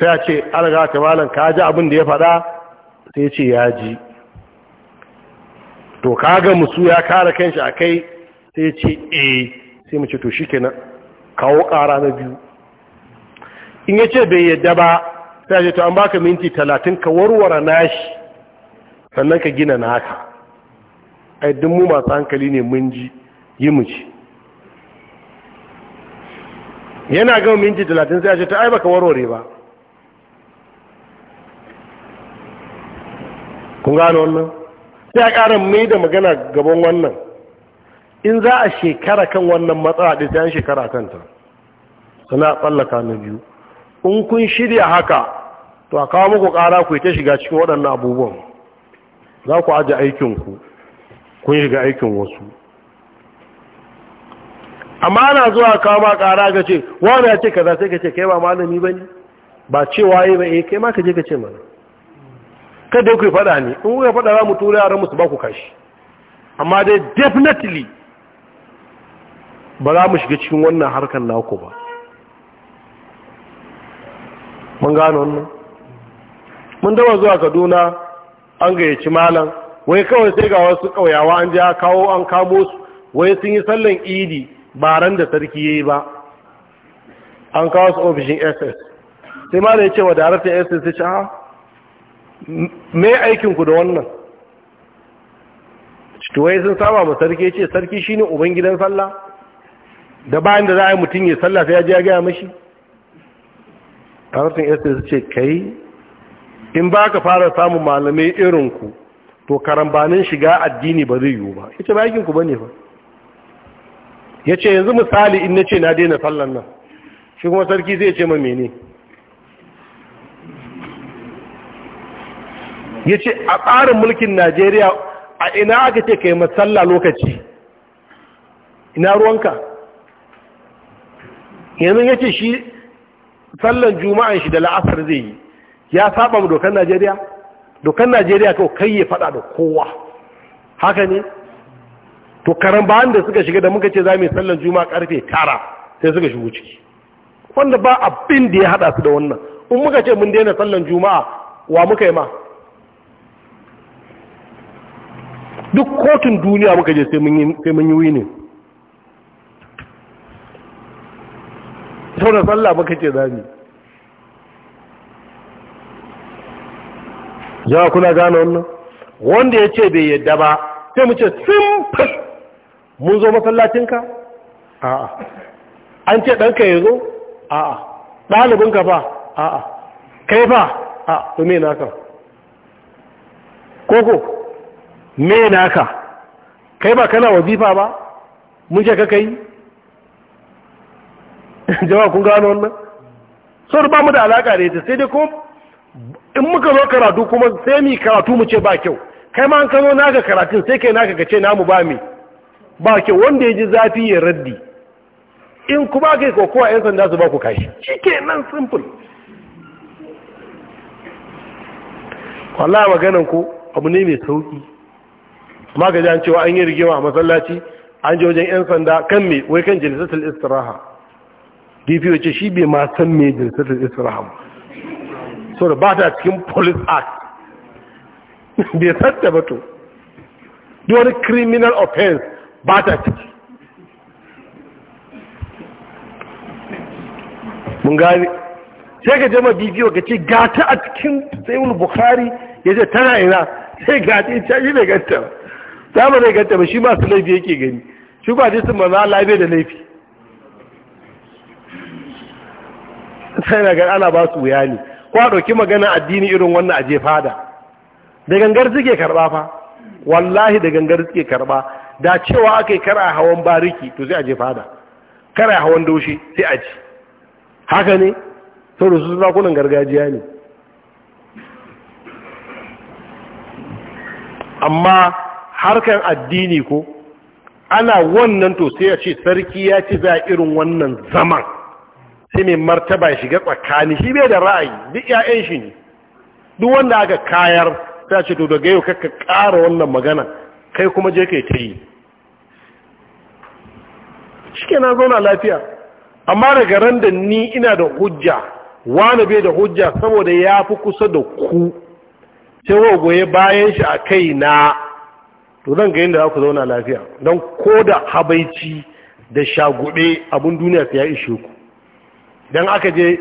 sai a ce alaga ta malam ka ji abin da ya faɗa sai ce ya ji to kaga musu ya kare kanshi a kai sai ya ce e sai mu ce to na kawo ƙara na biyu in ya ce bai yadda ba sai ya ce to an baka minti talatin ka warware nashi sannan ka gina naka ai duk mu masu hankali ne mun ji yi mu ci yana gama minti talatin sai ya ce ta ai baka warware ba kun gano wannan sai a ƙara mai da magana gaban wannan in za a shekara kan wannan matsala da ta shekara kanta suna tsallaka na biyu in kun shirya haka to a kawo muku kara ku yi ta shiga cikin waɗannan abubuwan za ku aji aikinku kun shiga aikin wasu amma ana zuwa kawo ma kara ga ce wani ya ce kaza sai ka ce kai ba malami ba ne ba cewa yi ba eh kai ma ka je ka ce mana kada ku yi faɗa ne in ku ya faɗa za mu tura yaran musu ba ku kashi amma dai definitely ba za mu shiga cikin wannan harkar naku ba mun gano wannan mun daba zuwa kaduna an gayyaci malam wai kawai sai ga wasu ƙauyawa an ja kawo an kamo su wai sun yi sallan idi baran da sarki ya yi ba an kawo su ofishin ss sai malam ya ce wa darakta ss ya ce ha ah, me aikinku da wannan to wai sun saba ma sarki ya ce sarki shine ne Ubangidan sallah da bayan da za a yi mutum ya sallah sai ya ji ya gaya mashi karatun yasta su ce kai in ba ka fara samun malamai irinku to karambanin shiga addini ba zai yiwu ba ya ce bakinku ba ne ba ya ce yanzu misali in na ce na daina sallan nan shi kuma sarki zai ce ma mene ya ce a tsarin mulkin najeriya a ina aka ce ka yi matsalla lokaci ina ruwanka yanzu ya ce shi sallan juma'an shi da la'asar zai yi ya saba mu dokan najeriya dokan najeriya kawai kai ya fada da kowa haka ne to bayan da suka shiga da muka ce za mu yi sallan juma'a karfe tara sai suka shigo ciki wanda ba abin da ya hada su da wannan in muka ce mun daina sallan juma'a wa muka yi ma duk kotun duniya muka je sai mun yi wini zauna sallah ba kake zami jama kuna gano wannan wanda ya ce bai yadda ba sai mu ce simple mun zo masallacinka a'a an ce ɗanka ya zo a'a ɗalibinka ba a'a kai ba a mai naka koko me naka kai ba kana wazifa ba mun ce ka kai jama'a kun gano wannan sau ba mu da alaka da ita sai dai kuma in muka zo karatu kuma sai mi karatu mu ce ba kyau kai ma an kano naka karatun sai kai naka gace namu ba mi ba kyau wanda ya ji zafi ya raddi in kuma kai kokowa yan sanda su ba ku kashi nan simple wallahi maganan ku abu ne mai sauki amma ga an cewa an yi rigima a masallaci an ji wajen yan sanda kan mai wai kan jilisatul istiraha dpo ce shi bai ma san mai jinsatul israham so da ba ta cikin police act bai santa ba to wani criminal offense ba ta ciki mun gani sai ka jama bidiyo ka ce gata a cikin tsayin bukhari ya ce tana ina sai gata ya caji da ganta ba zama da ganta ba shi masu laifi yake gani shi ba jisun maza laifi da laifi yana gani ana ba su wuya ne ko a ɗauki magana addini irin wannan a jefa da da gangar suke karɓa fa wallahi da gangar suke karɓa da cewa aka yi kara hawan bariki to sai a jefa da kara hawan doshi sai a ci haka ne sau da su gargajiya ne amma harkar addini ko ana wannan to sai a ce sarki ya ci za irin wannan zaman sai mai martaba shiga tsakani shi bai da ra'ayi duk yayan shi ne duk wanda aka kayar ta ce to daga yau kakka ƙara wannan magana kai kuma je kai ta yi ke na zauna lafiya amma daga ran da ni ina da hujja wani bai da hujja saboda ya fi kusa da ku sai wa goye bayan shi a kai na to zan ga yadda za ku zauna lafiya don ko da habaici da shagube abin duniya su ya ishe ku Idan aka je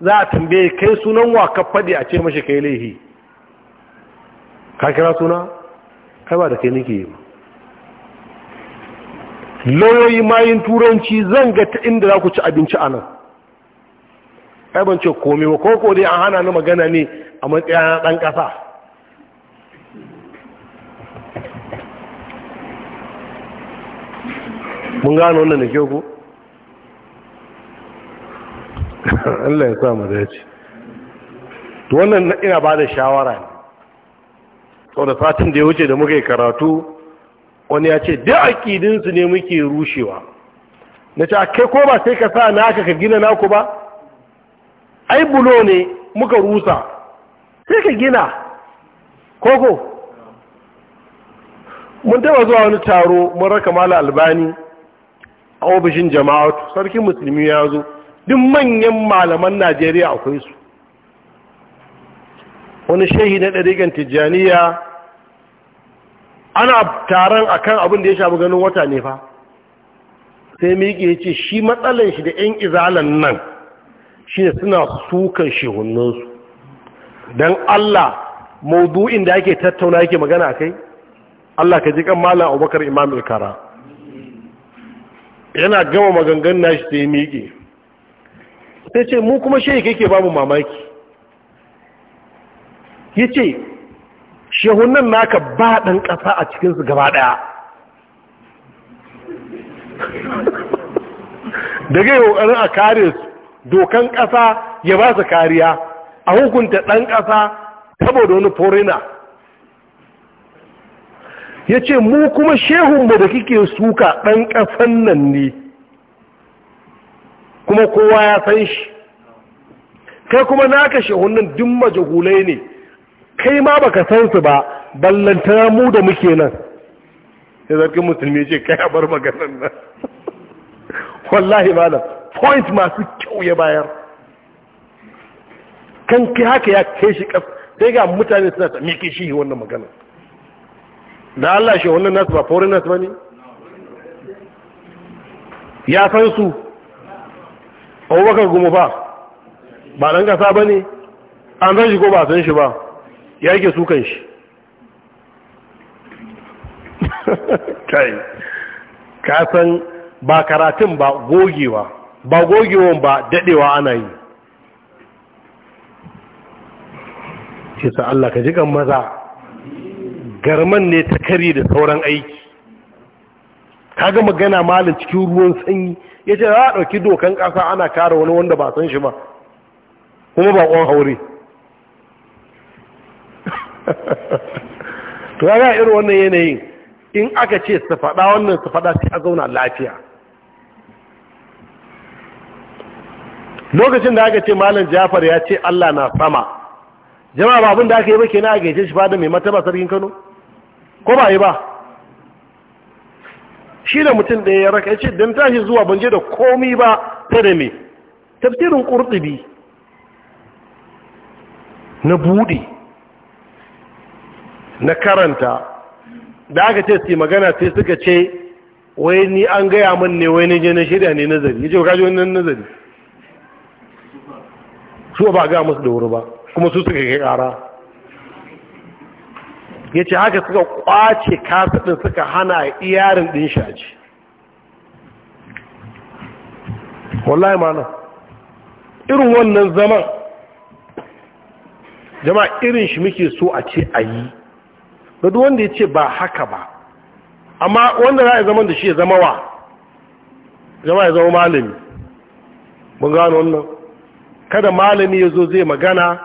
za a tambaye kai sunan wa ka faɗi a ce mashi kai laihi ka kira suna kai ba da kai nike yi lauyoyi mayin turanci zan ga ta inda za ku ci abinci a nan ai komi komai ba ko ko dai an hana ni magana ne a na ɗan ƙasa mun gano wannan da kyau ku Allah ya sa mu dace to wannan ina ba da shawara ne sau satin da ya wuce da muka yi karatu wani ya ce duk aƙidinsu ne muke rushewa na ce kai ko ba sai ka sa naka ka gina naku ba ai bulo ne muka rusa sai ka gina koko mun taba zuwa wani taro mun raka mala albani a ofishin jama'atu sarkin musulmi ya zo duk manyan malaman najeriya akwai su wani shehi na ɗariƙan tijjaniya ana taron akan abin da ya shafi ganin wata ne fa sai miƙe ya ce shi matsalan shi da 'yan izalan nan shi ne suna sukan shehunninsu don allah maudu'in da ake tattauna yake magana a kai allah ka ji kan malam abubakar imam kara yana gama maganganna shi sai miƙe sai ce mu kuma shehi kake babu mamaki ya ce shehunan naka ba ɗan ƙasa a cikinsu gaba ɗaya daga yi ƙoƙarin a kare su dokan ƙasa ya ba su kariya a hukunta ɗan ƙasa saboda wani forina ya ce mu kuma shehunmu da kike suka ɗan ƙasan nan ne kuma kowa ya san shi kai kuma ka shahunan dun majahulai ne kai ma baka san su ba ballanta mu da muke nan sai zarkin musulmi ce kai a bar maganan nan wallahi malam point masu kyau ya bayar kan ki haka ya kai shi kaf sai ga mutane suna ta miƙe shi wannan magana da Allah shi wannan nasu ba foreigners ba ne ya san su abubakar gumu fa ba ɗan ƙasa ba ne an san shi ko ba san shi ba ya yake sukan shi kai ka san ba karatun ba gogewa ba gogewa ba daɗewa ana yi ce sa Allah ka jikan maza garman ne ta kari da sauran aiki Ka kaga magana malin cikin ruwan sanyi ya ce za ah, a ɗauki dokan ƙasa ana kare wani wanda ba san shi ba kuma ba ƙon haure to ya ga irin wannan yanayin in aka ce su faɗa wannan su faɗa sai a zauna lafiya lokacin da aka ce malam jafar ya ce allah na sama jama'a babin da aka yi ba ke na a gaishe shi fada mai mataba sarkin kano ko ba yi ba shi da mutum ɗaya ya raka ya ce don tashi zuwa banje da komi ba ta da me tafsirin ƙurɗubi na buɗe na karanta da aka ce su magana sai suka ce wai ni an gaya min ne wai ni na shirya ne nazari ya ce kaji wani nazari su ba ga musu da wuri ba kuma su suka kai ƙara ya ce haka suka kwace kasadin suka hana iyarin ɗin shaji wallahi mana irin wannan zaman jama irin shi muke so a ce a yi gudu wanda ya ce ba haka ba amma wanda za a zaman da shi ya zama wa jama ya zama malami mun gano wannan kada malami ya zo zai magana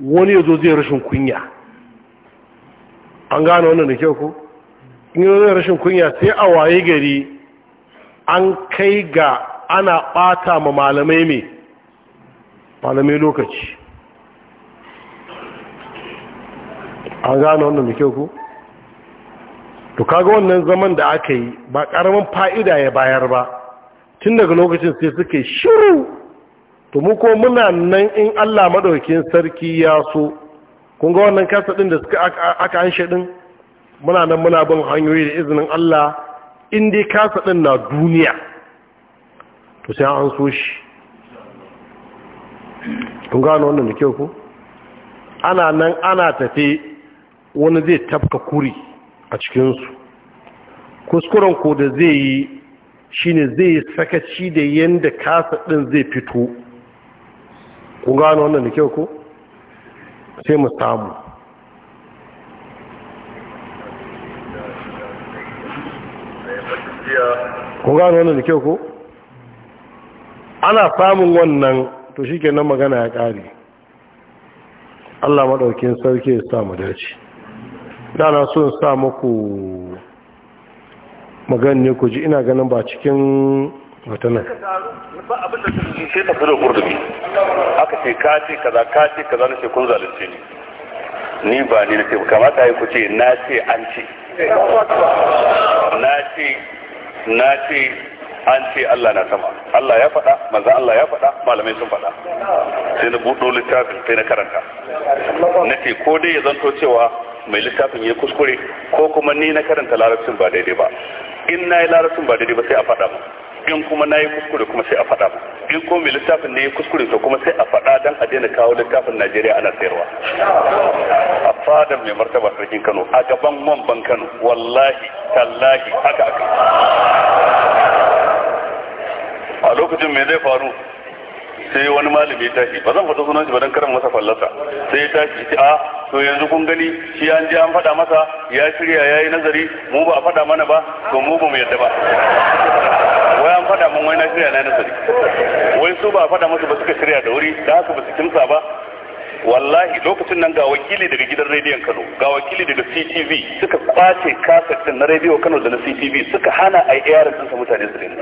wani ya zo zai rashin kunya an gano wannan da kyau ko in yi rashin kunya sai a waye gari an kai ga ana bata ma malamai mai malamai lokaci an gano wannan da kyau ko to kaga wannan zaman da aka yi ba karamin fa'ida ya bayar ba tun daga lokacin sai suke shiru to mu ko muna nan in allah maɗaukin sarki ya so Kunga wannan kasa ɗin da suka aka hanshe ɗin muna nan muna bin hanyoyi da izinin Allah in dai kasa ɗin na duniya to sai an so shi kunga wannan da kyau ku ana nan ana tafe wani zai tafka kuri a cikinsu kuskuren ko da zai yi shi ne zai yi sakaci da yadda kasa ɗin zai fito kunga gano wannan da kyau ko. sai mu samu kun gano wannan da kyau ko ana samun wannan to shi kenan magana ya allah maɗaukin sarki ya samu dace dana ne ku ji ina ganin ba cikin mutumin ba abin da suka yi sai tafsirin qurtubi aka ce ka ce kaza ka ce kaza na ce kun zalunce ni ni ba ni na ce kamata yi ku ce na ce an ce na ce an ce Allah na sama Allah ya faɗa manzo Allah ya faɗa malamai sun faɗa sai na buɗo littafin sai na karanta na ce ko dai ya zanto cewa mai littafin ya kuskure ko kuma ni na karanta larabcin ba daidai ba in na yi larabcin ba daidai ba sai a faɗa mu in kuma na yi kuskure kuma sai a faɗa in ko mai littafin ne ya kuskure to kuma sai a faɗa dan a daina kawo littafin najeriya ana sayarwa a fadar mai martaba sarkin kano a gaban mamban kano wallahi tallahi haka aka a lokacin me zai faru sai wani malami ya tashi ba zan fata sunan shi ba dan karin masa fallasa sai ya tashi ce a ah, to yanzu kun gani shi an je an faɗa masa ya shirya yayi nazari mu ba a faɗa mana ba to mu ba mu yadda ba wai an faɗa mun wai na shirya na nazari wai su ba a faɗa masa ba suka shirya da wuri da haka ba su kimsa ba wallahi lokacin nan ga wakili daga gidan rediyon Kano ga wakili daga CTV suka kwace kaset na rediyo Kano da na CTV suka hana a yaran sun mutane su dinga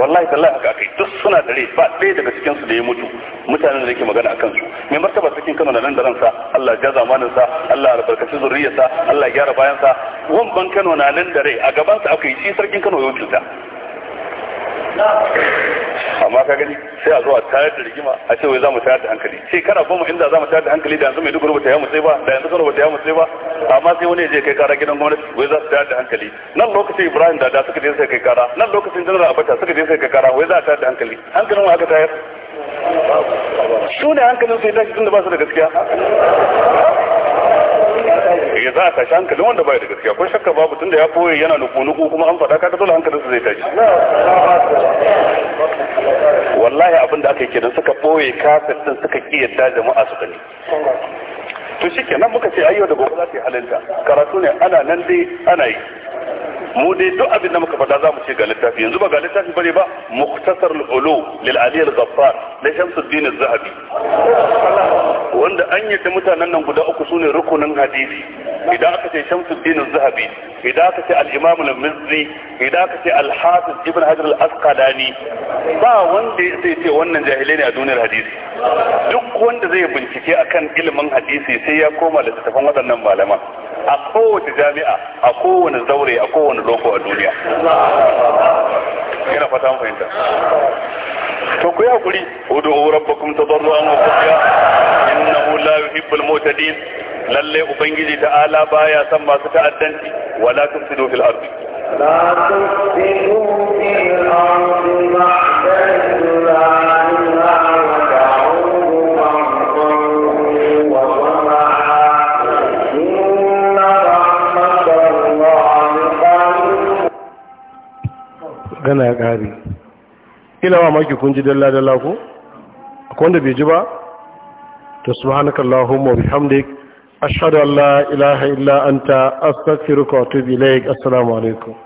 wallahi tallahi haka akai duk suna dare ba ɗaya daga cikin su da ya mutu mutanen da yake magana akan su mai martaba cikin Kano na nan da ransa Allah ya zamanin sa Allah ya albarkaci zuriyarsa Allah ya gyara bayan sa wan Kano na nan da rai a gaban sa akai shi sarkin Kano ya wuce amma ka gani sai a zo a tayar da rigima a ce wai za mu tayar da hankali sai shekara goma inda za mu tayar da hankali da yanzu mai duk rubuta ya mu sai ba da yanzu kan rubuta ya mu sai ba amma sai wani ya je kai kara gidan gwamnati wai za su tayar da hankali nan lokacin ibrahim dada suka je sai kai kara nan lokacin janar abata suka je sai kai kara wai za a tayar da hankali hankalin wa aka tayar su ne hankalin sai tashi tun da ba su da gaskiya ya za a tashi hankalin wanda baya da gaskiya kun shakka babu tunda ya koyi yana nuku-nuku kuma an faɗa ka dole su zai tashi wallahi abin da aka yi kenan suka ɓoye kafin din suka ki yadda jama'a su gani to shi kenan muka ce ayyo da gobe za su yi halinta karatu ne ana nan dai ana yi mu dai duk abin da muka faɗa za mu ce ga littafi yanzu ba ga littafi bane ba muktasar ulu lil ali al ghaffar da shamsuddin az-zahabi wanda an yadda mutanen nan guda uku sune rukunin hadisi idan aka ce shamsuddin az-zahabi idan aka ce al-imam al-mizzi idan aka ce al-hafiz ibn hajar al-asqalani ba wanda zai ce wannan jahilai ne a duniyar hadisi duk wanda zai bincike akan ilimin hadisi sai ya koma littattafan waɗannan malama. a kowace jami'a a kowane zaure a kowane loko a duniya yana fata mu fahimta to ku yakuri ud'u rabbakum an wa khufiya Inna la yuhibbul mu'tadin lalle ubangiji ta ala baya son masu ta'addanci wala tufsidu fil ardi la tufsidu fil ardi ma'tadila gana ya ƙari ila ma maki kun ji dalla dalla ku akwai wanda bai ji ba to subhanaka bihamdik ashhadu an la ilaha illa anta astaghfiruka wa atubu ilaik assalamu alaikum